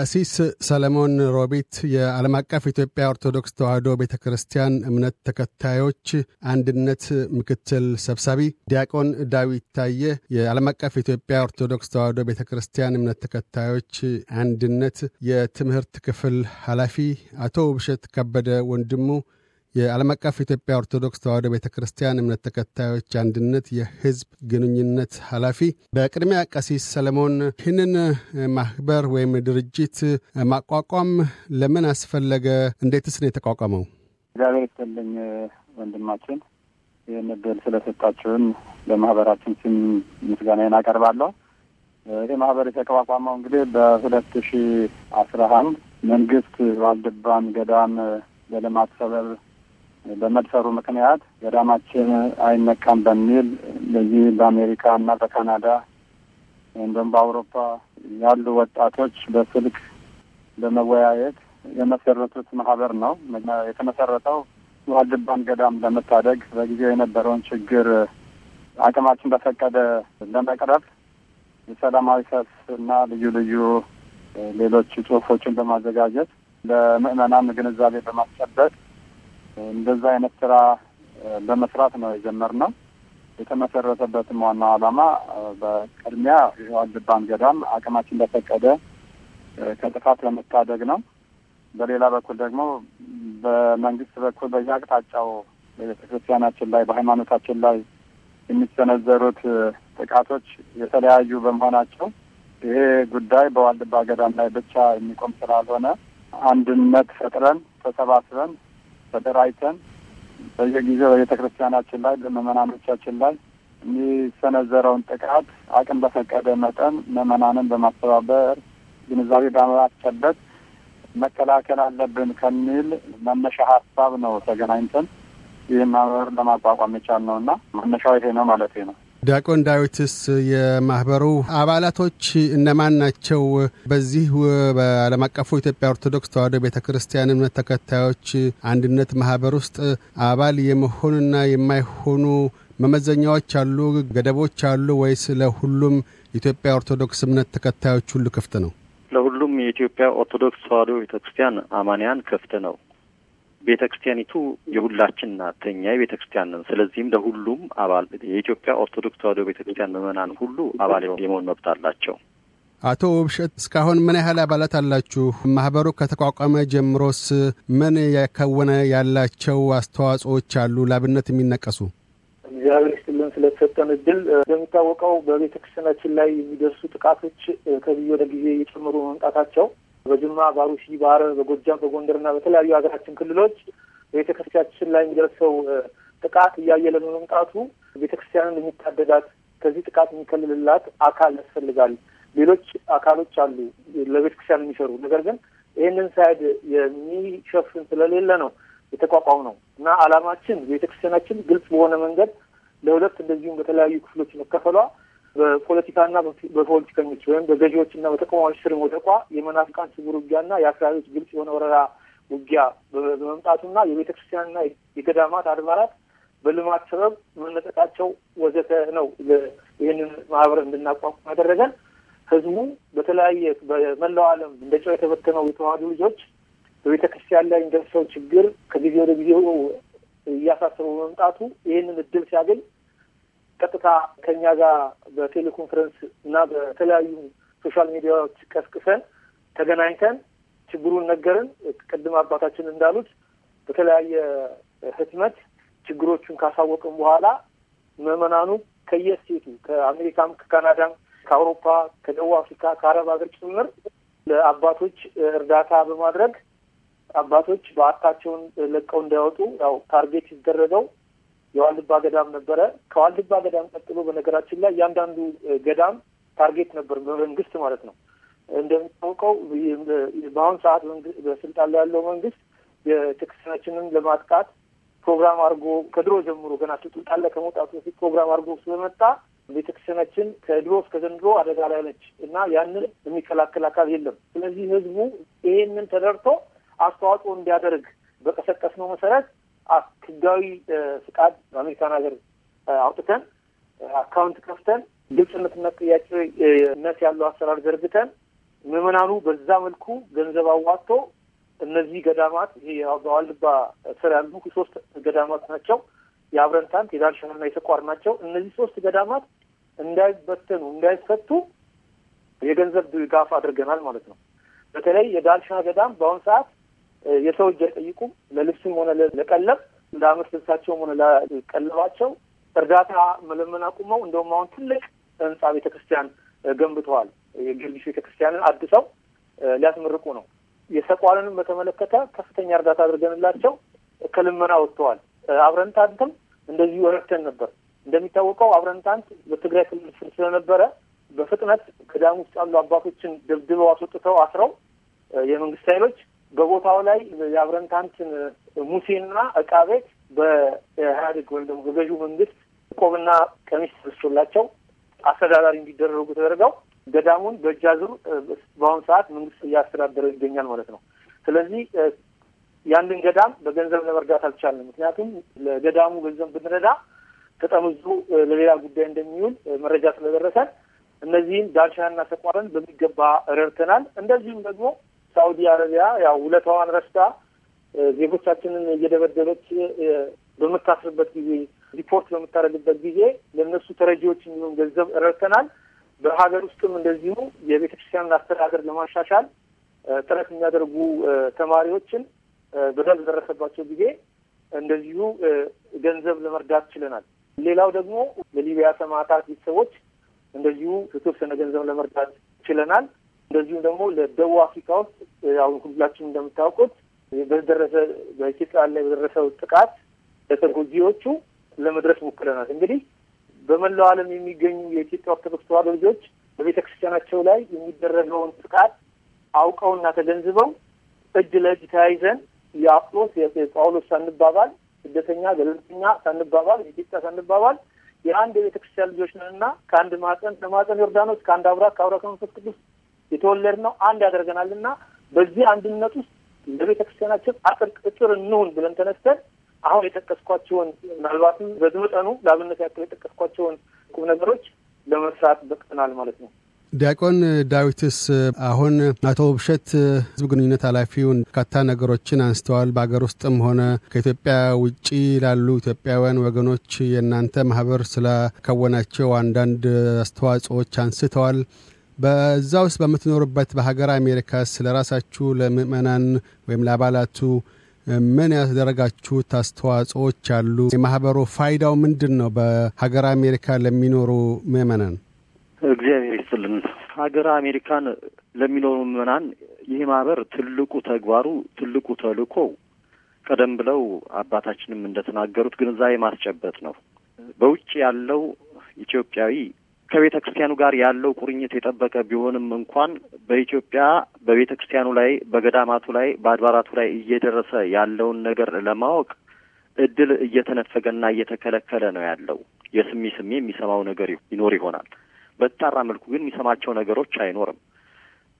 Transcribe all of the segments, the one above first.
ቀሲስ ሰለሞን ሮቢት የዓለም አቀፍ ኢትዮጵያ ኦርቶዶክስ ተዋህዶ ቤተ ክርስቲያን እምነት ተከታዮች አንድነት ምክትል ሰብሳቢ፣ ዲያቆን ዳዊት ታየ የዓለም አቀፍ ኢትዮጵያ ኦርቶዶክስ ተዋህዶ ቤተ ክርስቲያን እምነት ተከታዮች አንድነት የትምህርት ክፍል ኃላፊ፣ አቶ ውብሸት ከበደ ወንድሙ የዓለም አቀፍ ኢትዮጵያ ኦርቶዶክስ ተዋሕዶ ቤተ ክርስቲያን እምነት ተከታዮች አንድነት የሕዝብ ግንኙነት ኃላፊ። በቅድሚያ ቀሲስ ሰለሞን፣ ይህንን ማህበር ወይም ድርጅት ማቋቋም ለምን አስፈለገ? እንዴትስ ነው የተቋቋመው? እግዚአብሔር ይስጥልኝ ወንድማችን፣ ይህን ዕድል ስለሰጣችሁን በማህበራችን ስም ምስጋናዬን አቀርባለሁ። ይህ ማህበር የተቋቋመው እንግዲህ በሁለት ሺ አስራ አንድ መንግስት ዋልድባን ገዳም በልማት ሰበብ በመድፈሩ ምክንያት ገዳማችን አይነካም በሚል በዚህ በአሜሪካ እና በካናዳ እንዲሁም በአውሮፓ ያሉ ወጣቶች በስልክ በመወያየት የመሰረቱት ማህበር ነው። የተመሰረተው ዋልድባን ገዳም ለመታደግ በጊዜው የነበረውን ችግር አቅማችን በፈቀደ ለመቅረፍ የሰላማዊ ሰልፍ እና ልዩ ልዩ ሌሎች ጽሁፎችን በማዘጋጀት ለምእመናን ግንዛቤ በማስጨበጥ እንደዛ አይነት ስራ በመስራት ነው የጀመርነው። የተመሰረተበትም ዋናው ዓላማ በቅድሚያ የዋልድባን ገዳም አቅማችን በፈቀደ ከጥፋት ለመታደግ ነው። በሌላ በኩል ደግሞ በመንግስት በኩል በየአቅጣጫው በቤተ ላይ በሃይማኖታችን ላይ የሚሰነዘሩት ጥቃቶች የተለያዩ በመሆናቸው ይሄ ጉዳይ በዋልድባ ገዳም ላይ ብቻ የሚቆም ስላልሆነ አንድነት ፈጥረን ተሰባስበን ተደራጅተን በየጊዜው በቤተ ክርስቲያናችን ላይ በምእመናኖቻችን ላይ የሚሰነዘረውን ጥቃት አቅም በፈቀደ መጠን ምእመናንን በማስተባበር ግንዛቤ በማስጨበጥ መከላከል አለብን ከሚል መነሻ ሀሳብ ነው ተገናኝተን ይህን ማህበር ለማቋቋም ነው እና መነሻው ይሄ ነው ማለት ነው። ዲያቆን ዳዊትስ የማህበሩ አባላቶች እነማን ናቸው? በዚህ በዓለም አቀፉ ኢትዮጵያ ኦርቶዶክስ ተዋሕዶ ቤተ ክርስቲያን እምነት ተከታዮች አንድነት ማህበር ውስጥ አባል የመሆኑና የማይሆኑ መመዘኛዎች አሉ፣ ገደቦች አሉ ወይስ ለሁሉም የኢትዮጵያ ኦርቶዶክስ እምነት ተከታዮች ሁሉ ክፍት ነው? ለሁሉም የኢትዮጵያ ኦርቶዶክስ ተዋሕዶ ቤተ ክርስቲያን አማንያን ክፍት ነው። ቤተ ክርስቲያኒቱ የሁላችን ናት፣ እኛ የቤተ ክርስቲያን ነን። ስለዚህም ለሁሉም አባል የኢትዮጵያ ኦርቶዶክስ ተዋሕዶ ቤተ ክርስቲያን ምዕመናን ሁሉ አባል የመሆን መብት አላቸው። አቶ ውብሸት እስካሁን ምን ያህል አባላት አላችሁ? ማህበሩ ከተቋቋመ ጀምሮስ ምን ያከወነ ያላቸው አስተዋጽኦዎች አሉ ለአብነት የሚነቀሱ? እግዚአብሔር ይስጥልን ስለተሰጠን እድል። እንደሚታወቀው በቤተ ክርስቲያናችን ላይ የሚደርሱ ጥቃቶች ከጊዜ ወደ ጊዜ እየጨመሩ መምጣታቸው በጅማ ባሩሺ፣ በሐረር፣ በጎጃም፣ በጎንደርና በተለያዩ ሀገራችን ክልሎች ቤተክርስቲያችን ላይ የሚደርሰው ጥቃት እያየለ መምጣቱ ቤተክርስቲያንን የሚታደጋት ከዚህ ጥቃት የሚከልልላት አካል ያስፈልጋል። ሌሎች አካሎች አሉ ለቤተክርስቲያን የሚሰሩ ነገር ግን ይህንን ሳይድ የሚሸፍን ስለሌለ ነው የተቋቋም ነው እና አላማችን ቤተክርስቲያናችን ግልጽ በሆነ መንገድ ለሁለት እንደዚሁም በተለያዩ ክፍሎች መከፈሏ በፖለቲካና በፖለቲከኞች ወይም በገዢዎችና በተቃዋሚዎች ስር መውደቋ የመናፍቃን ስውር ውጊያና የአክራሪዎች ግልጽ የሆነ ወረራ ውጊያ በመምጣቱና የቤተ ክርስቲያንና የገዳማት አድባራት በልማት ሰበብ መነጠቃቸው ወዘተ ነው። ይህንን ማህበር እንድናቋቁም ያደረገን ህዝቡ በተለያየ በመላው ዓለም እንደ ጨው የተበተነው የተዋህዱ ልጆች በቤተ ክርስቲያን ላይ የሚደርሰው ችግር ከጊዜ ወደ ጊዜ እያሳሰበው መምጣቱ ይህንን እድል ሲያገኝ ቀጥታ ከኛ ጋር በቴሌኮንፈረንስ እና በተለያዩ ሶሻል ሚዲያዎች ቀስቅሰን ተገናኝተን ችግሩን ነገርን። ቅድም አባታችን እንዳሉት በተለያየ ህትመት ችግሮቹን ካሳወቅን በኋላ ምዕመናኑ ከየስቴቱ ከአሜሪካም፣ ከካናዳም፣ ከአውሮፓ፣ ከደቡብ አፍሪካ፣ ከአረብ ሀገር ጭምር ለአባቶች እርዳታ በማድረግ አባቶች በዓታቸውን ለቀው እንዳይወጡ ያው ታርጌት ሲደረገው የዋልድባ ገዳም ነበረ። ከዋልድባ ገዳም ቀጥሎ በነገራችን ላይ እያንዳንዱ ገዳም ታርጌት ነበር በመንግስት ማለት ነው። እንደሚታወቀው በአሁኑ ሰዓት በስልጣን ላይ ያለው መንግስት የቤተክርስቲያናችንን ለማጥቃት ፕሮግራም አድርጎ ከድሮ ጀምሮ ገና ስልጣን ላይ ከመውጣቱ በፊት ፕሮግራም አድርጎ ስለመጣ ቤተክርስቲያናችን ከድሮ እስከ ዘንድሮ አደጋ ላይ ነች እና ያንን የሚከላከል አካል የለም። ስለዚህ ህዝቡ ይሄንን ተደርቶ አስተዋጽኦ እንዲያደርግ በቀሰቀስ ነው መሰረት ህጋዊ ፍቃድ በአሜሪካን ሀገር አውጥተን አካውንት ከፍተን ግልጽነትና ጥያቄነት ያለው አሰራር ዘርግተን ምዕመናኑ በዛ መልኩ ገንዘብ አዋጥቶ እነዚህ ገዳማት ይሄ በዋልድባ ስር ያሉ ሶስት ገዳማት ናቸው። የአብረንታንት የዳልሻና የተቋር ናቸው። እነዚህ ሶስት ገዳማት እንዳይበተኑ እንዳይፈቱ የገንዘብ ድጋፍ አድርገናል ማለት ነው። በተለይ የዳልሻ ገዳም በአሁኑ ሰዓት የሰው እጅ አይጠይቁም። ለልብስም ሆነ ለቀለብ ለአመት ልብሳቸውም ሆነ ለቀለባቸው እርዳታ መለመን አቁመው እንደውም አሁን ትልቅ ህንጻ ቤተክርስቲያን ገንብተዋል። የግልሽ ቤተክርስቲያንን አድሰው ሊያስመርቁ ነው። የሰቋልንም በተመለከተ ከፍተኛ እርዳታ አድርገንላቸው ከልመና ወጥተዋል። አብረንታንትም እንደዚሁ ረድተን ነበር። እንደሚታወቀው አብረንታንት በትግራይ ክልል ስር ስለነበረ በፍጥነት ገዳም ውስጥ ያሉ አባቶችን ደብድበው አስወጥተው አስረው የመንግስት ኃይሎች በቦታው ላይ የአብረንታንትን ሙሴና እቃ ቤት በኢህአዴግ ወይም ደግሞ በገዢው መንግስት ቆብና ቀሚስ ተበስቶላቸው አስተዳዳሪ እንዲደረጉ ተደርገው ገዳሙን በእጅ አዙር በአሁኑ ሰዓት መንግስት እያስተዳደረው ይገኛል ማለት ነው። ስለዚህ ያንን ገዳም በገንዘብ ለመርዳት አልቻለም። ምክንያቱም ለገዳሙ ገንዘብ ብንረዳ ተጠምዞ ለሌላ ጉዳይ እንደሚውል መረጃ ስለደረሰን እነዚህም ዳልሻና ሰቋረን በሚገባ ረድተናል። እንደዚሁም ደግሞ ሳውዲ አረቢያ ያው ውለታዋን ረስታ ዜጎቻችንን እየደበደበች በምታስርበት ጊዜ ሪፖርት በምታደርግበት ጊዜ ለእነሱ ተረጂዎች የሚሆን ገንዘብ ረድተናል። በሀገር ውስጥም እንደዚሁ የቤተ ክርስቲያንን አስተዳደር ለማሻሻል ጥረት የሚያደርጉ ተማሪዎችን በደል በደረሰባቸው ጊዜ እንደዚሁ ገንዘብ ለመርዳት ችለናል። ሌላው ደግሞ ለሊቢያ ሰማዕታት ቤተሰቦች እንደዚሁ የተወሰነ ገንዘብ ለመርዳት ችለናል። እንደዚሁም ደግሞ ለደቡብ አፍሪካ ውስጥ አሁን ሁላችሁም እንደምታውቁት በደረሰ በኢትዮጵያ ላይ በደረሰው ጥቃት ለተጎጂዎቹ ለመድረስ ሞክረናል። እንግዲህ በመላው ዓለም የሚገኙ የኢትዮጵያ ኦርቶዶክስ ተዋሕዶ ልጆች በቤተ ክርስቲያናቸው ላይ የሚደረገውን ጥቃት አውቀውና ተገንዝበው እጅ ለእጅ ተያይዘን የአጵሎስ የጳውሎስ ሳንባባል ስደተኛ ገለልተኛ ሳንባባል የኢትዮጵያ ሳንባባል የአንድ የቤተ ክርስቲያን ልጆች እና ከአንድ ማጠን ከማጠን ዮርዳኖስ ከአንድ አብራ ከአብራ ከመንፈስ ቅዱስ የተወለድነው አንድ ያደርገናል እና በዚህ አንድነት ውስጥ ለቤተ ክርስቲያናችን አጥር ቅጥር እንሁን ብለን ተነስተን አሁን የጠቀስኳቸውን ምናልባትም በዚህ ለአብነት ያክል የጠቀስኳቸውን ቁም ነገሮች ለመስራት በቅተናል ማለት ነው። ዲያቆን ዳዊትስ አሁን አቶ ውብሸት ህዝብ ግንኙነት ኃላፊውን በርካታ ነገሮችን አንስተዋል። በሀገር ውስጥም ሆነ ከኢትዮጵያ ውጪ ላሉ ኢትዮጵያውያን ወገኖች የእናንተ ማህበር ስላከወናቸው አንዳንድ አስተዋጽኦዎች አንስተዋል። በዛ ውስጥ በምትኖርበት በሀገር አሜሪካ ስለ ራሳችሁ ለምእመናን ወይም ለአባላቱ ምን ያደረጋችሁት አስተዋጽኦች አሉ? የማህበሩ ፋይዳው ምንድን ነው? በሀገር አሜሪካ ለሚኖሩ ምእመናን። እግዚአብሔር ይስጥልን። ሀገር አሜሪካን ለሚኖሩ ምእመናን ይህ ማህበር ትልቁ ተግባሩ፣ ትልቁ ተልእኮ ቀደም ብለው አባታችንም እንደተናገሩት ግንዛቤ ማስጨበጥ ነው። በውጭ ያለው ኢትዮጵያዊ ከቤተ ክርስቲያኑ ጋር ያለው ቁርኝት የጠበቀ ቢሆንም እንኳን በኢትዮጵያ በቤተ ክርስቲያኑ ላይ በገዳማቱ ላይ በአድባራቱ ላይ እየደረሰ ያለውን ነገር ለማወቅ እድል እየተነፈገና እየተከለከለ ነው ያለው። የስሚ ስሚ የሚሰማው ነገር ይኖር ይሆናል። በተጣራ መልኩ ግን የሚሰማቸው ነገሮች አይኖርም።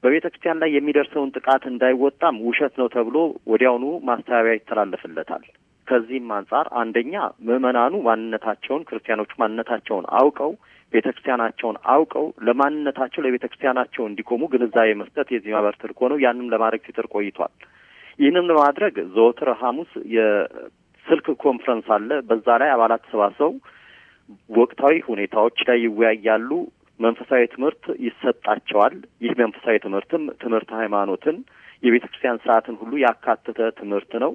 በቤተ ክርስቲያን ላይ የሚደርሰውን ጥቃት እንዳይወጣም ውሸት ነው ተብሎ ወዲያውኑ ማስተባበያ ይተላለፍለታል። ከዚህም አንጻር አንደኛ ምዕመናኑ ማንነታቸውን ክርስቲያኖቹ ማንነታቸውን አውቀው ቤተ ክርስቲያናቸውን አውቀው ለማንነታቸው ለቤተ ክርስቲያናቸው እንዲቆሙ ግንዛቤ መስጠት የዚህ ማህበር ተልዕኮ ነው። ያንም ለማድረግ ሲጥር ቆይቷል። ይህንም ለማድረግ ዘወትር ሐሙስ የስልክ ኮንፈረንስ አለ። በዛ ላይ አባላት ተሰባስበው ወቅታዊ ሁኔታዎች ላይ ይወያያሉ። መንፈሳዊ ትምህርት ይሰጣቸዋል። ይህ መንፈሳዊ ትምህርትም ትምህርት ሃይማኖትን፣ የቤተ ክርስቲያን ስርዓትን ሁሉ ያካተተ ትምህርት ነው።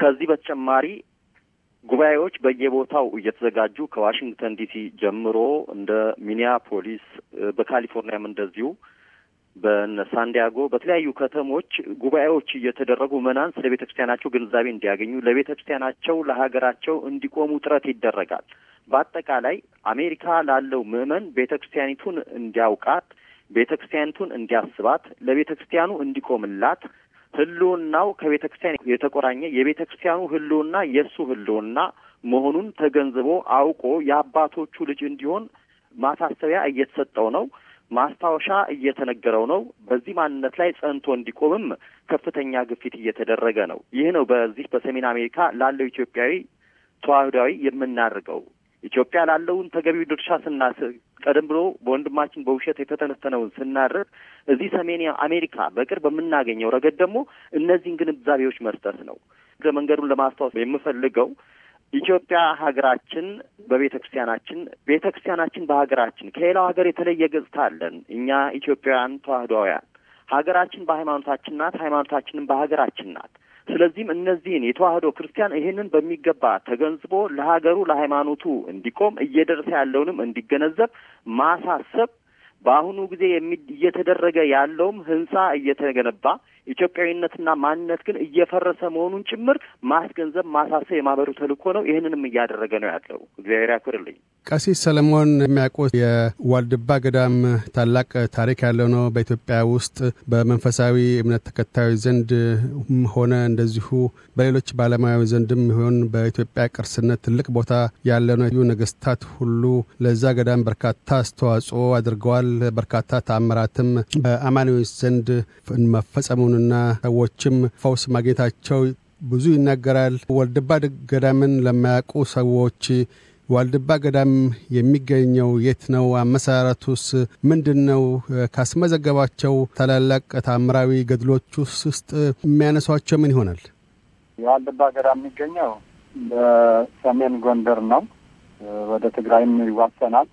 ከዚህ በተጨማሪ ጉባኤዎች በየቦታው እየተዘጋጁ ከዋሽንግተን ዲሲ ጀምሮ እንደ ሚኒያፖሊስ፣ በካሊፎርኒያም እንደዚሁ በነ ሳንዲያጎ በተለያዩ ከተሞች ጉባኤዎች እየተደረጉ ምዕመናን ስለ ቤተ ክርስቲያናቸው ግንዛቤ እንዲያገኙ ለቤተ ክርስቲያናቸው ለሀገራቸው እንዲቆሙ ጥረት ይደረጋል። በአጠቃላይ አሜሪካ ላለው ምዕመን ቤተ ክርስቲያኒቱን እንዲያውቃት፣ ቤተ ክርስቲያኒቱን እንዲያስባት፣ ለቤተ ክርስቲያኑ እንዲቆምላት፣ ህልውናው ከቤተ ክርስቲያን የተቆራኘ የቤተ ክርስቲያኑ ህልውና የእሱ ህልውና መሆኑን ተገንዝቦ አውቆ የአባቶቹ ልጅ እንዲሆን ማሳሰቢያ እየተሰጠው ነው። ማስታወሻ እየተነገረው ነው። በዚህ ማንነት ላይ ጸንቶ እንዲቆምም ከፍተኛ ግፊት እየተደረገ ነው። ይህ ነው በዚህ በሰሜን አሜሪካ ላለው ኢትዮጵያዊ ተዋህዳዊ የምናደርገው ኢትዮጵያ ላለውን ተገቢው ድርሻ ስናስ ቀደም ብሎ በወንድማችን በውሸት የተተነተነውን ስናደርግ እዚህ ሰሜን አሜሪካ በቅርብ በምናገኘው ረገድ ደግሞ እነዚህን ግንዛቤዎች መስጠት ነው። እግረ መንገዱን ለማስታወስ የምፈልገው ኢትዮጵያ ሀገራችን በቤተ ክርስቲያናችን ቤተ ክርስቲያናችን በሀገራችን ከሌላው ሀገር የተለየ ገጽታ አለን። እኛ ኢትዮጵያውያን ተዋህዶውያን ሀገራችን በሃይማኖታችን ናት፣ ሃይማኖታችንም በሀገራችን ናት። ስለዚህም እነዚህን የተዋህዶ ክርስቲያን ይህንን በሚገባ ተገንዝቦ ለሀገሩ ለሃይማኖቱ እንዲቆም እየደረሰ ያለውንም እንዲገነዘብ ማሳሰብ በአሁኑ ጊዜ እየተደረገ ያለውም ህንጻ እየተገነባ ኢትዮጵያዊነትና ማንነት ግን እየፈረሰ መሆኑን ጭምር ማስገንዘብ፣ ማሳሰብ የማህበሩ ተልእኮ ነው። ይህንንም እያደረገ ነው ያለው። እግዚአብሔር ያክብርልኝ። ቀሲስ ሰለሞን የሚያውቁት የዋልድባ ገዳም ታላቅ ታሪክ ያለው ነው። በኢትዮጵያ ውስጥ በመንፈሳዊ እምነት ተከታዮች ዘንድ ሆነ እንደዚሁ በሌሎች ባለሙያዊ ዘንድም ይሆን በኢትዮጵያ ቅርስነት ትልቅ ቦታ ያለ ነው። ነገስታት ሁሉ ለዛ ገዳም በርካታ አስተዋጽኦ አድርገዋል። በርካታ ተአምራትም በአማኒዎች ዘንድ መፈጸሙ መሆኑና ሰዎችም ፈውስ ማግኘታቸው ብዙ ይናገራል። ወልድባ ገዳምን ለማያውቁ ሰዎች ዋልድባ ገዳም የሚገኘው የት ነው? አመሰራረቱስ ምንድን ነው? ካስመዘገባቸው ታላላቅ ታምራዊ ገድሎች ውስጥ የሚያነሷቸው ምን ይሆናል? የዋልድባ ገዳም የሚገኘው በሰሜን ጎንደር ነው። ወደ ትግራይም ይዋሰናል።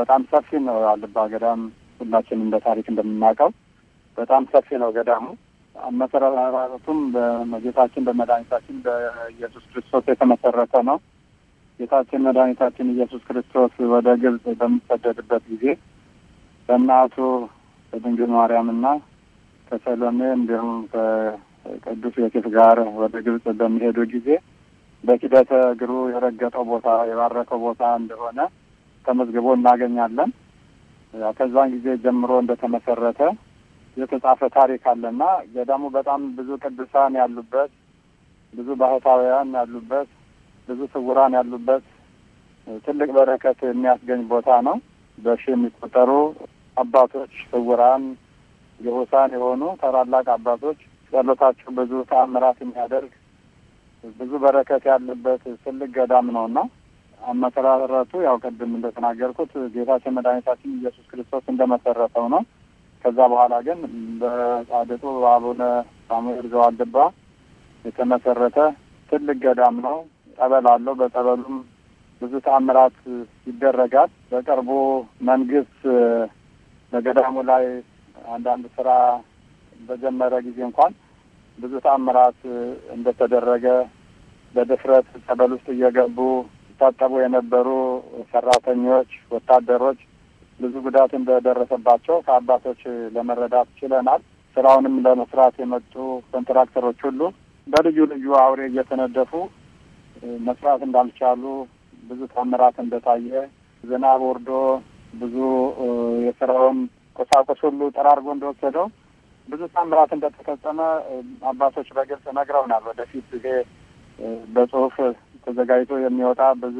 በጣም ሰፊ ነው። የዋልድባ ገዳም ሁላችንም በታሪክ እንደምናውቀው በጣም ሰፊ ነው ገዳሙ። አመሰራራቱም በጌታችን በመድኃኒታችን በኢየሱስ ክርስቶስ የተመሰረተ ነው። ጌታችን መድኃኒታችን ኢየሱስ ክርስቶስ ወደ ግብጽ በሚሰደድበት ጊዜ በእናቱ ከድንግል ማርያምና ከሰሎሜ እንዲሁም ከቅዱስ ዮሴፍ ጋር ወደ ግብጽ በሚሄዱ ጊዜ በኪደተ እግሩ የረገጠው ቦታ የባረከው ቦታ እንደሆነ ተመዝግቦ እናገኛለን። ከዛን ጊዜ ጀምሮ እንደተመሰረተ የተጻፈ ታሪክ አለና ገዳሙ በጣም ብዙ ቅዱሳን ያሉበት፣ ብዙ ባህታውያን ያሉበት፣ ብዙ ስውራን ያሉበት ትልቅ በረከት የሚያስገኝ ቦታ ነው። በሺ የሚቆጠሩ አባቶች ስውራን የሆሳን የሆኑ ታላላቅ አባቶች ጸሎታቸው ብዙ ተአምራት የሚያደርግ ብዙ በረከት ያለበት ትልቅ ገዳም እና አመሰራረቱ ያው ቅድም እንደተናገርኩት ጌታችን መድኃኒታችን ኢየሱስ ክርስቶስ እንደመሰረተው ነው። ከዛ በኋላ ግን በጻድቁ አቡነ ሳሙኤል ዘዋልድባ የተመሰረተ ትልቅ ገዳም ነው። ጠበል አለው። በጠበሉም ብዙ ተአምራት ይደረጋል። በቅርቡ መንግስት በገዳሙ ላይ አንዳንድ ስራ በጀመረ ጊዜ እንኳን ብዙ ተአምራት እንደተደረገ በድፍረት ጠበል ውስጥ እየገቡ ሲታጠቡ የነበሩ ሰራተኞች፣ ወታደሮች ብዙ ጉዳት እንደደረሰባቸው ከአባቶች ለመረዳት ችለናል። ስራውንም ለመስራት የመጡ ኮንትራክተሮች ሁሉ በልዩ ልዩ አውሬ እየተነደፉ መስራት እንዳልቻሉ ብዙ ታምራት እንደታየ ዝናብ ወርዶ ብዙ የስራውን ቁሳቁስ ሁሉ ጠራርጎ እንደወሰደው ብዙ ታምራት እንደተፈጸመ አባቶች በግልጽ ነግረውናል። ወደፊት ይሄ በጽሁፍ ተዘጋጅቶ የሚወጣ ብዙ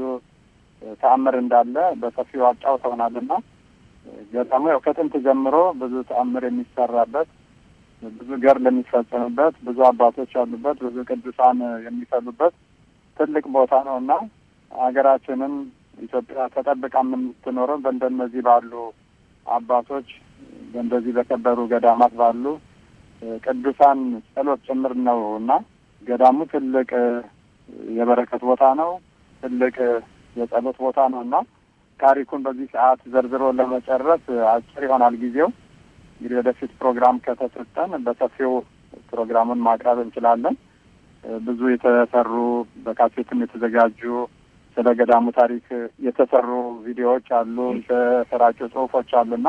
ተአምር እንዳለ በሰፊው አጫውተውናልና ገጠሙ ያው ከጥንት ጀምሮ ብዙ ተአምር የሚሰራበት ብዙ ገር ለሚፈጸምበት ብዙ አባቶች ያሉበት ብዙ ቅዱሳን የሚፈሉበት ትልቅ ቦታ ነው እና ሀገራችንም ኢትዮጵያ ተጠብቃ የምትኖረው በእንደነዚህ ባሉ አባቶች በእንደዚህ በከበሩ ገዳማት ባሉ ቅዱሳን ጸሎት ጭምር ነው እና ገዳሙ ትልቅ የበረከት ቦታ ነው። ትልቅ የጸሎት ቦታ ነው እና ታሪኩን በዚህ ሰዓት ዘርዝሮ ለመጨረስ አጭር ይሆናል ጊዜው። እንግዲህ ወደፊት ፕሮግራም ከተሰጠን በሰፊው ፕሮግራሙን ማቅረብ እንችላለን። ብዙ የተሰሩ በካሴትም የተዘጋጁ ስለ ገዳሙ ታሪክ የተሰሩ ቪዲዮዎች አሉ፣ የተሰራጩ ጽሁፎች አሉና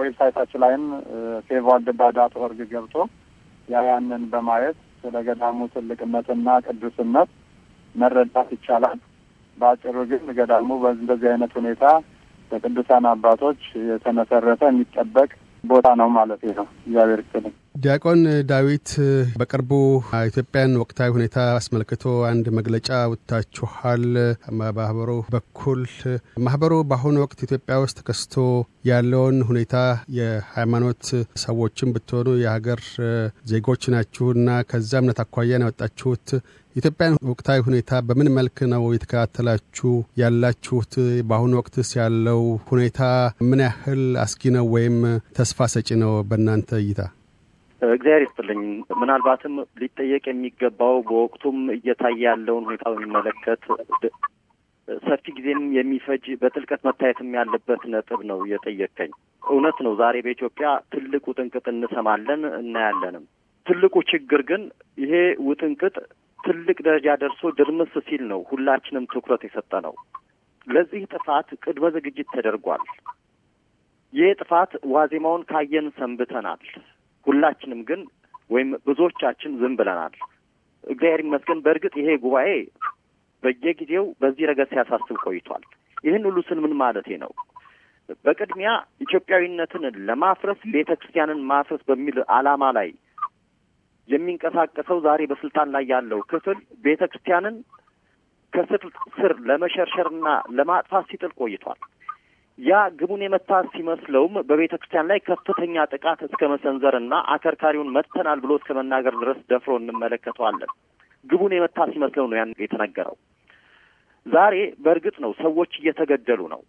ዌብሳይታችን ላይም ፌቫልድ ባዳት ኦርግ ገብቶ ያ ያንን በማየት ስለ ገዳሙ ትልቅነትና ቅዱስነት መረዳት ይቻላል። በአጭሩ ግን ገዳሙ በእንደዚህ አይነት ሁኔታ በቅዱሳን አባቶች የተመሰረተ የሚጠበቅ ቦታ ነው ማለት ነው። እግዚአብሔር ይስጥልኝ። ዲያቆን ዳዊት በቅርቡ ኢትዮጵያን ወቅታዊ ሁኔታ አስመልክቶ አንድ መግለጫ ወጥታችኋል። ማህበሩ በኩል ማህበሩ በአሁኑ ወቅት ኢትዮጵያ ውስጥ ተከስቶ ያለውን ሁኔታ የሃይማኖት ሰዎችም ብትሆኑ የሀገር ዜጎች ናችሁና ከዛ እምነት አኳያን ያወጣችሁት ኢትዮጵያን ወቅታዊ ሁኔታ በምን መልክ ነው የተከታተላችሁ ያላችሁት? በአሁኑ ወቅትስ ያለው ሁኔታ ምን ያህል አስጊ ነው ወይም ተስፋ ሰጪ ነው በእናንተ እይታ? እግዚአብሔር ይስጥልኝ። ምናልባትም ሊጠየቅ የሚገባው በወቅቱም እየታየ ያለውን ሁኔታ በሚመለከት ሰፊ ጊዜም የሚፈጅ በጥልቀት መታየትም ያለበት ነጥብ ነው እየጠየቀኝ። እውነት ነው። ዛሬ በኢትዮጵያ ትልቅ ውጥንቅጥ እንሰማለን እናያለንም። ትልቁ ችግር ግን ይሄ ውጥንቅጥ ትልቅ ደረጃ ደርሶ ድርምስ ሲል ነው ሁላችንም ትኩረት የሰጠ ነው። ለዚህ ጥፋት ቅድመ ዝግጅት ተደርጓል። ይህ ጥፋት ዋዜማውን ካየን ሰንብተናል። ሁላችንም ግን ወይም ብዙዎቻችን ዝም ብለናል። እግዚአብሔር ይመስገን። በእርግጥ ይሄ ጉባኤ በየጊዜው በዚህ ረገድ ሲያሳስብ ቆይቷል። ይህን ሁሉ ስል ምን ማለቴ ነው? በቅድሚያ ኢትዮጵያዊነትን ለማፍረስ ቤተ ክርስቲያንን ማፍረስ በሚል ዓላማ ላይ የሚንቀሳቀሰው ዛሬ በስልጣን ላይ ያለው ክፍል ቤተ ክርስቲያንን ከስር ስር ለመሸርሸርና ለማጥፋት ሲጥል ቆይቷል። ያ ግቡን የመታ ሲመስለውም በቤተ ክርስቲያን ላይ ከፍተኛ ጥቃት እስከ መሰንዘርና አከርካሪውን መተናል ብሎ እስከ መናገር ድረስ ደፍሮ እንመለከተዋለን። ግቡን የመታ ሲመስለው ነው ያን የተነገረው። ዛሬ በእርግጥ ነው ሰዎች እየተገደሉ ነው።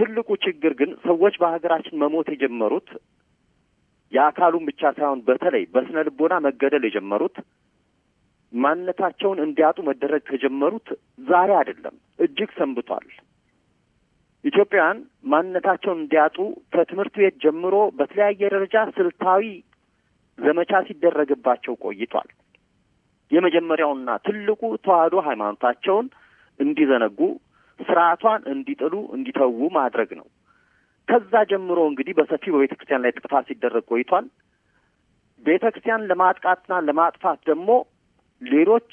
ትልቁ ችግር ግን ሰዎች በሀገራችን መሞት የጀመሩት የአካሉን ብቻ ሳይሆን በተለይ በስነ ልቦና መገደል የጀመሩት ማንነታቸውን እንዲያጡ መደረግ ከጀመሩት ዛሬ አይደለም፣ እጅግ ሰንብቷል። ኢትዮጵያውያን ማንነታቸውን እንዲያጡ ከትምህርት ቤት ጀምሮ በተለያየ ደረጃ ስልታዊ ዘመቻ ሲደረግባቸው ቆይቷል። የመጀመሪያውና ትልቁ ተዋህዶ ሃይማኖታቸውን እንዲዘነጉ፣ ስርዓቷን እንዲጥሉ፣ እንዲተዉ ማድረግ ነው። ከዛ ጀምሮ እንግዲህ በሰፊው በቤተ ክርስቲያን ላይ ጥቃት ሲደረግ ቆይቷል። ቤተ ክርስቲያን ለማጥቃትና ለማጥፋት ደግሞ ሌሎች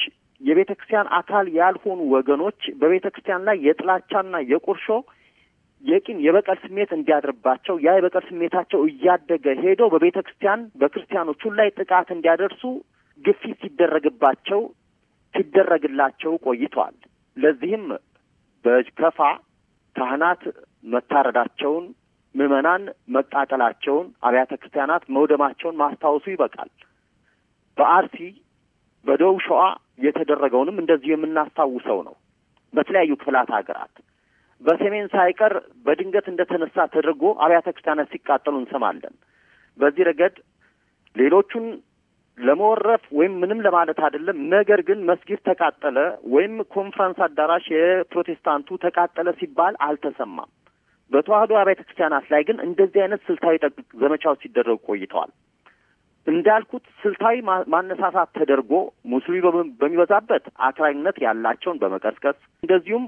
የቤተ ክርስቲያን አካል ያልሆኑ ወገኖች በቤተ ክርስቲያን ላይ የጥላቻና የቁርሾ የቂም የበቀል ስሜት እንዲያድርባቸው ያ የበቀል ስሜታቸው እያደገ ሄዶ በቤተ ክርስቲያን በክርስቲያኖቹ ላይ ጥቃት እንዲያደርሱ ግፊት ሲደረግባቸው ሲደረግላቸው ቆይቷል። ለዚህም በከፋ ካህናት መታረዳቸውን ምዕመናን መቃጠላቸውን፣ አብያተ ክርስቲያናት መውደማቸውን ማስታወሱ ይበቃል። በአርሲ በደቡብ ሸዋ የተደረገውንም እንደዚሁ የምናስታውሰው ነው። በተለያዩ ክፍላት ሀገራት በሰሜን ሳይቀር በድንገት እንደተነሳ ተደርጎ አብያተ ክርስቲያናት ሲቃጠሉ እንሰማለን። በዚህ ረገድ ሌሎቹን ለመወረፍ ወይም ምንም ለማለት አይደለም። ነገር ግን መስጊድ ተቃጠለ ወይም ኮንፈረንስ አዳራሽ የፕሮቴስታንቱ ተቃጠለ ሲባል አልተሰማም። በተዋህዶ አብያተ ክርስቲያናት ላይ ግን እንደዚህ አይነት ስልታዊ ዘመቻዎች ሲደረጉ ቆይተዋል። እንዳልኩት ስልታዊ ማነሳሳት ተደርጎ ሙስሊም በሚበዛበት አክራሪነት ያላቸውን በመቀስቀስ እንደዚሁም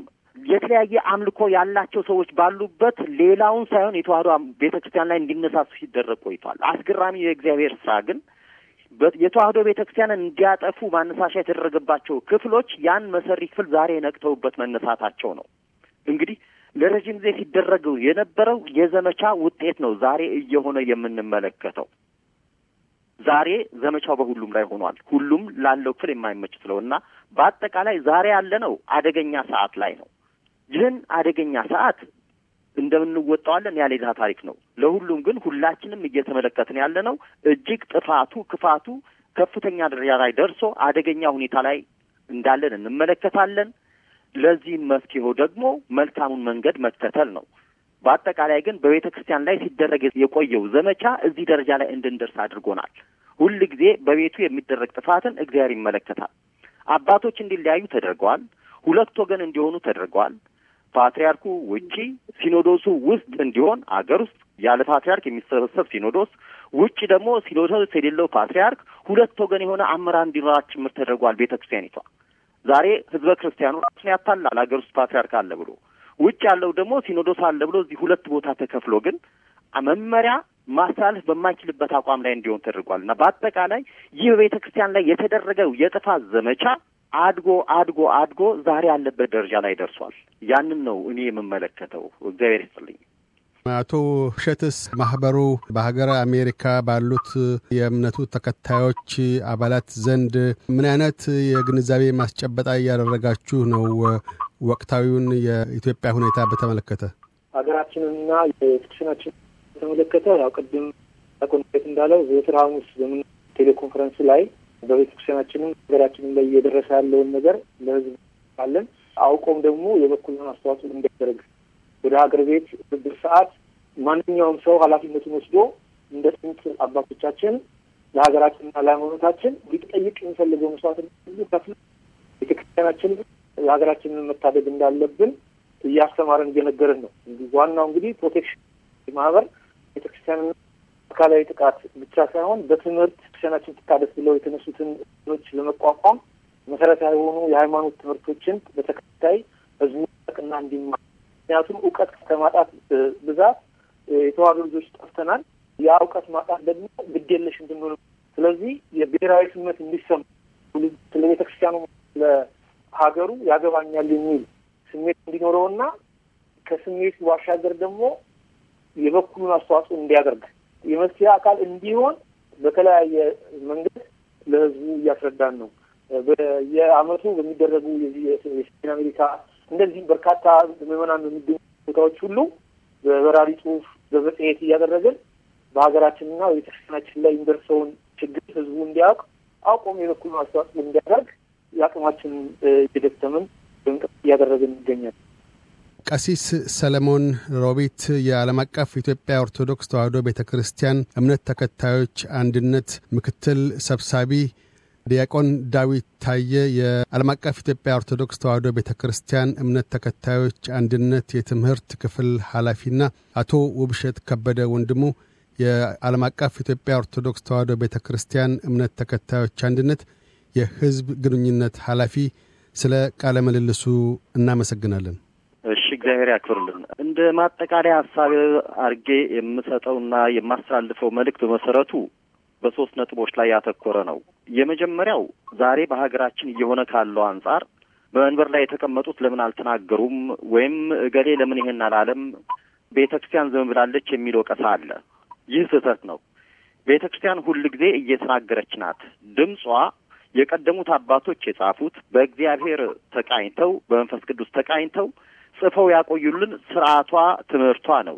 የተለያየ አምልኮ ያላቸው ሰዎች ባሉበት ሌላውን ሳይሆን የተዋህዶ ቤተ ክርስቲያን ላይ እንዲነሳሱ ሲደረግ ቆይተዋል። አስገራሚ የእግዚአብሔር ስራ ግን የተዋህዶ ቤተ ክርስቲያንን እንዲያጠፉ ማነሳሻ የተደረገባቸው ክፍሎች ያን መሰሪ ክፍል ዛሬ ነቅተውበት መነሳታቸው ነው እንግዲህ ለረዥም ጊዜ ሲደረገው የነበረው የዘመቻ ውጤት ነው ዛሬ እየሆነ የምንመለከተው። ዛሬ ዘመቻው በሁሉም ላይ ሆኗል። ሁሉም ላለው ክፍል የማይመች ስለሆነና በአጠቃላይ ዛሬ ያለ ነው አደገኛ ሰዓት ላይ ነው። ይህን አደገኛ ሰዓት እንደምንወጣዋለን ያ ሌላ ታሪክ ነው። ለሁሉም ግን ሁላችንም እየተመለከትን ያለ ነው እጅግ ጥፋቱ ክፋቱ ከፍተኛ ደረጃ ላይ ደርሶ አደገኛ ሁኔታ ላይ እንዳለን እንመለከታለን። ለዚህም መፍትሄው ደግሞ መልካሙን መንገድ መከተል ነው። በአጠቃላይ ግን በቤተ ክርስቲያን ላይ ሲደረግ የቆየው ዘመቻ እዚህ ደረጃ ላይ እንድንደርስ አድርጎናል። ሁል ጊዜ በቤቱ የሚደረግ ጥፋትን እግዚአብሔር ይመለከታል። አባቶች እንዲለያዩ ተደርገዋል። ሁለት ወገን እንዲሆኑ ተደርገዋል። ፓትሪያርኩ ውጪ፣ ሲኖዶሱ ውስጥ እንዲሆን አገር ውስጥ ያለ ፓትሪያርክ የሚሰበሰብ ሲኖዶስ፣ ውጭ ደግሞ ሲኖዶስ የሌለው ፓትሪያርክ፣ ሁለት ወገን የሆነ አመራር እንዲኖራት ጭምር ተደርጓል ቤተ ክርስቲያኒቷ ዛሬ ህዝበ ክርስቲያኑ ራሱን ያታላል። ሀገር ውስጥ ፓትሪያርክ አለ ብሎ ውጭ ያለው ደግሞ ሲኖዶስ አለ ብሎ እዚህ ሁለት ቦታ ተከፍሎ ግን መመሪያ ማሳለፍ በማይችልበት አቋም ላይ እንዲሆን ተደርጓል እና በአጠቃላይ ይህ በቤተ ክርስቲያን ላይ የተደረገው የጥፋት ዘመቻ አድጎ አድጎ አድጎ ዛሬ ያለበት ደረጃ ላይ ደርሷል። ያንን ነው እኔ የምመለከተው። እግዚአብሔር ይስጥልኝ። አቶ ሸትስ ማህበሩ በሀገር አሜሪካ ባሉት የእምነቱ ተከታዮች አባላት ዘንድ ምን አይነት የግንዛቤ ማስጨበጣ እያደረጋችሁ ነው? ወቅታዊውን የኢትዮጵያ ሁኔታ በተመለከተ ሀገራችንንና የክሽናችን በተመለከተ ያው ቅድም ቆንት እንዳለው ዘወትር ሐሙስ በምን ቴሌኮንፈረንስ ላይ በቤተክርስቲያናችንም ሀገራችንም ላይ እየደረሰ ያለውን ነገር ለህዝብ አለን አውቆም ደግሞ የበኩልን አስተዋጽኦ እንዲያደርግ ወደ ሀገር ቤት ብድር ሰዓት ማንኛውም ሰው ኃላፊነቱን ወስዶ እንደ ጥንት አባቶቻችን ለሀገራችንና ለሃይማኖታችን ሊጠይቅ የሚፈልገው መስዋዕት ሁሉ ከፍለ ቤተክርስቲያናችን የሀገራችንን መታደግ እንዳለብን እያስተማረን እየነገርን ነው። እንግዲህ ዋናው እንግዲህ ፕሮቴክሽን ማህበር ቤተክርስቲያንና አካላዊ ጥቃት ብቻ ሳይሆን በትምህርት ክርስቲያናችን ትታደስ ብለው የተነሱትን ኖች ለመቋቋም መሰረታዊ የሆኑ የሃይማኖት ትምህርቶችን በተከታይ ህዝቡ ቅና እንዲማ ምክንያቱም እውቀት ከማጣት ብዛት የተዋሉ ልጆች ጠፍተናል። ያ እውቀት ማጣት ደግሞ ግዴለሽ እንድንሆን፣ ስለዚህ የብሔራዊ ስሜት እንዲሰማ ስለ ቤተክርስቲያኑ፣ ለሀገሩ ያገባኛል የሚል ስሜት እንዲኖረውና ከስሜቱ ባሻገር ደግሞ የበኩሉን አስተዋጽኦ እንዲያደርግ የመፍትሄ አካል እንዲሆን በተለያየ መንገድ ለህዝቡ እያስረዳን ነው። በየአመቱ በሚደረጉ የሰሜን አሜሪካ እንደዚህ በርካታ ምዕመናን በሚገኙ ቦታዎች ሁሉ በበራሪ ጽሁፍ በመጽሔት እያደረግን በሀገራችንና ቤተክርስቲያናችን ላይ የሚደርሰውን ችግር ህዝቡ እንዲያውቅ አውቆም የበኩሉ አስተዋጽኦ እንዲያደርግ የአቅማችን እየደከምን በንቅፍ እያደረግን ይገኛል። ቀሲስ ሰለሞን ሮቢት የዓለም አቀፍ ኢትዮጵያ ኦርቶዶክስ ተዋሕዶ ቤተ ክርስቲያን እምነት ተከታዮች አንድነት ምክትል ሰብሳቢ ዲያቆን ዳዊት ታየ የዓለም አቀፍ ኢትዮጵያ ኦርቶዶክስ ተዋሕዶ ቤተ ክርስቲያን እምነት ተከታዮች አንድነት የትምህርት ክፍል ኃላፊና አቶ ውብሸት ከበደ ወንድሙ የዓለም አቀፍ ኢትዮጵያ ኦርቶዶክስ ተዋሕዶ ቤተ ክርስቲያን እምነት ተከታዮች አንድነት የሕዝብ ግንኙነት ኃላፊ፣ ስለ ቃለ ምልልሱ እናመሰግናለን። እሺ፣ እግዚአብሔር ያክብርልን። እንደ ማጠቃለያ ሀሳብ አርጌ የምሰጠውና የማስተላልፈው መልእክት በመሰረቱ በሶስት ነጥቦች ላይ ያተኮረ ነው። የመጀመሪያው ዛሬ በሀገራችን እየሆነ ካለው አንጻር በመንበር ላይ የተቀመጡት ለምን አልተናገሩም ወይም እገሌ ለምን ይሄን አላለም፣ ቤተ ክርስቲያን ዝም ብላለች የሚል ወቀሳ አለ። ይህ ስህተት ነው። ቤተ ክርስቲያን ሁል ጊዜ እየተናገረች ናት። ድምጿ የቀደሙት አባቶች የጻፉት በእግዚአብሔር ተቃኝተው በመንፈስ ቅዱስ ተቃኝተው ጽፈው ያቆዩልን ስርዓቷ፣ ትምህርቷ ነው።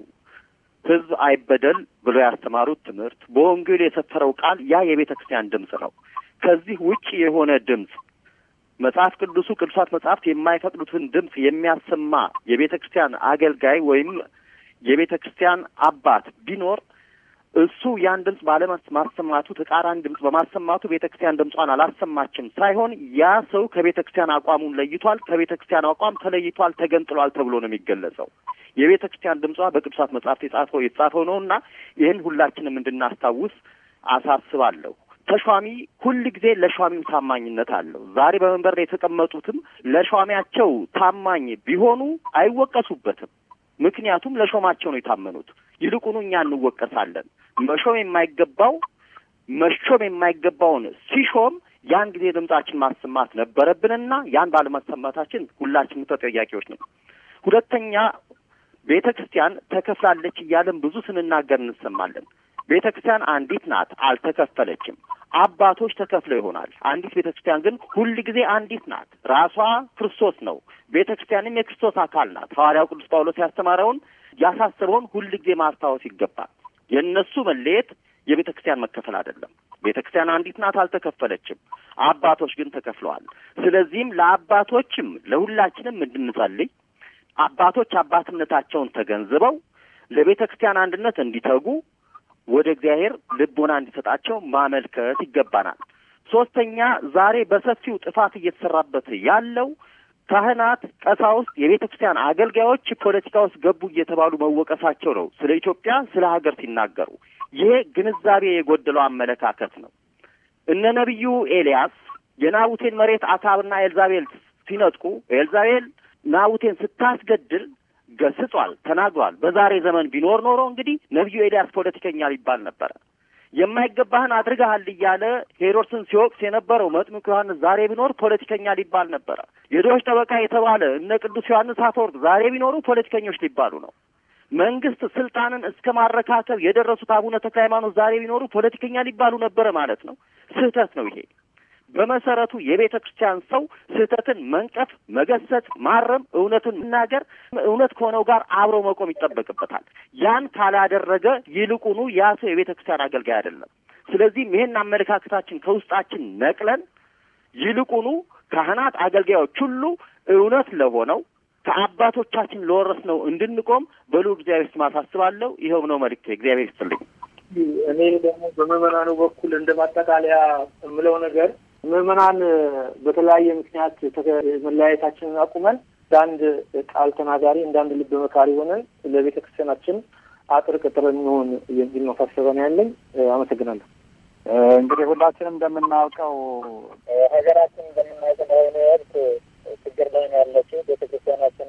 ህዝብ አይበደል ብሎ ያስተማሩት ትምህርት በወንጌል የሰፈረው ቃል ያ የቤተ ክርስቲያን ድምፅ ነው። ከዚህ ውጭ የሆነ ድምፅ መጽሐፍ ቅዱሱ ቅዱሳት መጽሐፍት የማይፈቅዱትን ድምፅ የሚያሰማ የቤተ ክርስቲያን አገልጋይ ወይም የቤተ ክርስቲያን አባት ቢኖር እሱ ያን ድምፅ ባለማሰማቱ ተቃራኒ ድምፅ በማሰማቱ ቤተ ክርስቲያን ድምጿን አላሰማችም ሳይሆን ያ ሰው ከቤተ ክርስቲያን አቋሙን ለይቷል፣ ከቤተ ክርስቲያን አቋም ተለይቷል፣ ተገንጥሏል ተብሎ ነው የሚገለጸው። የቤተ ክርስቲያን ድምጿ በቅዱሳት መጻሕፍት የጻፈው የተጻፈው ነው እና ይህን ሁላችንም እንድናስታውስ አሳስባለሁ። ተሿሚ ሁል ጊዜ ለሿሚው ታማኝነት አለው። ዛሬ በመንበር ላይ የተቀመጡትም ለሿሚያቸው ታማኝ ቢሆኑ አይወቀሱበትም። ምክንያቱም ለሾማቸው ነው የታመኑት። ይልቁኑ እኛ እንወቀሳለን። መሾም የማይገባው መሾም የማይገባውን ሲሾም ያን ጊዜ ድምጻችን ማሰማት ነበረብንና ያን ባለመሰማታችን ሁላችንም ተጠያቂዎች ነው። ሁለተኛ ቤተ ክርስቲያን ተከፍላለች እያለን ብዙ ስንናገር እንሰማለን። ቤተ ክርስቲያን አንዲት ናት፣ አልተከፈለችም። አባቶች ተከፍለው ይሆናል። አንዲት ቤተ ክርስቲያን ግን ሁል ጊዜ አንዲት ናት። ራሷ ክርስቶስ ነው። ቤተ ክርስቲያንም የክርስቶስ አካል ናት። ሐዋርያው ቅዱስ ጳውሎስ ያስተማረውን ያሳስበውን ሁል ጊዜ ማስታወስ ይገባል። የእነሱ መለየት የቤተ ክርስቲያን መከፈል አይደለም። ቤተ ክርስቲያን አንዲት ናት፣ አልተከፈለችም። አባቶች ግን ተከፍለዋል። ስለዚህም ለአባቶችም ለሁላችንም እንድንጸልይ አባቶች አባትነታቸውን ተገንዝበው ለቤተ ክርስቲያን አንድነት እንዲተጉ ወደ እግዚአብሔር ልቦና እንዲሰጣቸው ማመልከት ይገባናል። ሶስተኛ፣ ዛሬ በሰፊው ጥፋት እየተሰራበት ያለው ካህናት፣ ቀሳውስት፣ የቤተ ክርስቲያን አገልጋዮች ፖለቲካ ውስጥ ገቡ እየተባሉ መወቀሳቸው ነው። ስለ ኢትዮጵያ፣ ስለ ሀገር ሲናገሩ ይሄ ግንዛቤ የጎደለው አመለካከት ነው። እነ ነቢዩ ኤልያስ የናቡቴን መሬት አካብና ኤልዛቤል ሲነጥቁ ኤልዛቤል ናቡቴን ስታስገድል ገስጿል፣ ተናግሯል። በዛሬ ዘመን ቢኖር ኖሮ እንግዲህ ነቢዩ ኤልያስ ፖለቲከኛ ሊባል ነበረ። የማይገባህን አድርገሃል እያለ ሄሮድስን ሲወቅስ የነበረው መጥምቅ ዮሐንስ ዛሬ ቢኖር ፖለቲከኛ ሊባል ነበረ። የድሆች ጠበቃ የተባለ እነ ቅዱስ ዮሐንስ አፈወርቅ ዛሬ ቢኖሩ ፖለቲከኞች ሊባሉ ነው። መንግስት ስልጣንን እስከ ማረካከብ የደረሱት አቡነ ተክለ ሃይማኖት ዛሬ ቢኖሩ ፖለቲከኛ ሊባሉ ነበረ ማለት ነው። ስህተት ነው ይሄ። በመሰረቱ የቤተ ክርስቲያን ሰው ስህተትን መንቀፍ፣ መገሰት፣ ማረም፣ እውነቱን መናገር፣ እውነት ከሆነው ጋር አብሮ መቆም ይጠበቅበታል። ያን ካላደረገ ይልቁኑ ያ ሰው የቤተ ክርስቲያን አገልጋይ አይደለም። ስለዚህ ይህን አመለካከታችን ከውስጣችን ነቅለን ይልቁኑ ካህናት፣ አገልጋዮች ሁሉ እውነት ለሆነው ከአባቶቻችን ለወረስ ነው እንድንቆም በሉ እግዚአብሔር ስም አሳስባለሁ። ይኸው ነው መልእክቴ። እግዚአብሔር ይስጥልኝ። እኔ ደግሞ በምዕመናኑ በኩል እንደ ማጠቃለያ የምለው ነገር ምዕመናን በተለያየ ምክንያት መለያየታችንን አቁመን እንዳንድ ቃል ተናጋሪ እንዳንድ ልብ መካሪ ሆነን ለቤተ ክርስቲያናችን አጥር ቅጥር የሚሆን የሚል መሳሰበን ያለኝ። አመሰግናለሁ። እንግዲህ ሁላችንም እንደምናውቀው ሀገራችን እንደምናውቀው በአሁኑ ወቅት ችግር ላይ ያለችው ቤተ ክርስቲያናችን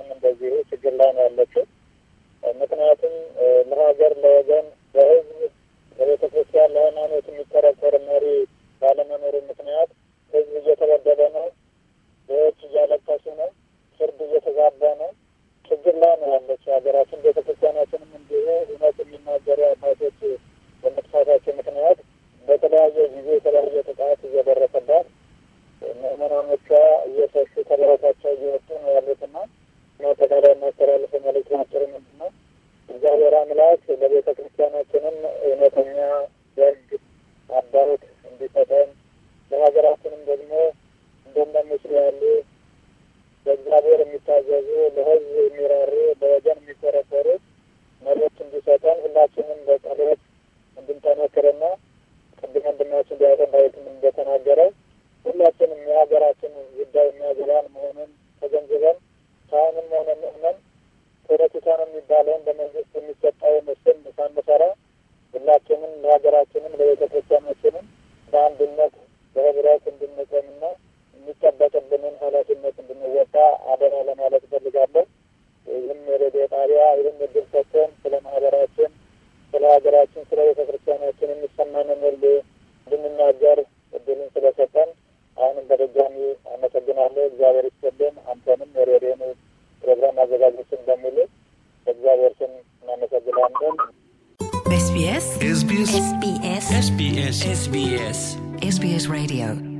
ዲያቆን ዳዊትም እንደተናገረው ሁላችንም የሀገራችን ጉዳይ የሚያገባን መሆኑን ተገንዝበን ካህንም ሆነ ምእመን ፖለቲካ ነው የሚባለውን በመንግስት የሚሰጠው ምስል ሳንሰራ ሁላችንም ለሀገራችንም ለቤተ ክርስቲያናችንም በአንድነት በህብረት እንድንቆምና የሚጠበቅብንን ኃላፊነት እንድንወጣ አደራ ለማለት እፈልጋለሁ። ይህም የሬዲዮ ጣቢያ ይህም እድል ሰጥቶን ስለ ማህበራችን፣ ስለ ሀገራችን፣ ስለ ቤተ ክርስቲያናችን የሚሰማንን ሁሉ ልንናገር እድልን ስለሰጠን አሁንም በድጋሚ አመሰግናለሁ። እግዚአብሔር ይስጥልን። አንተንም የሬዲዮን ፕሮግራም አዘጋጆችን በሙሉ በእግዚአብሔር ስም እናመሰግናለን። ኤስቢኤስ ኤስቢኤስ ኤስቢኤስ ኤስቢኤስ ኤስቢኤስ ሬዲዮ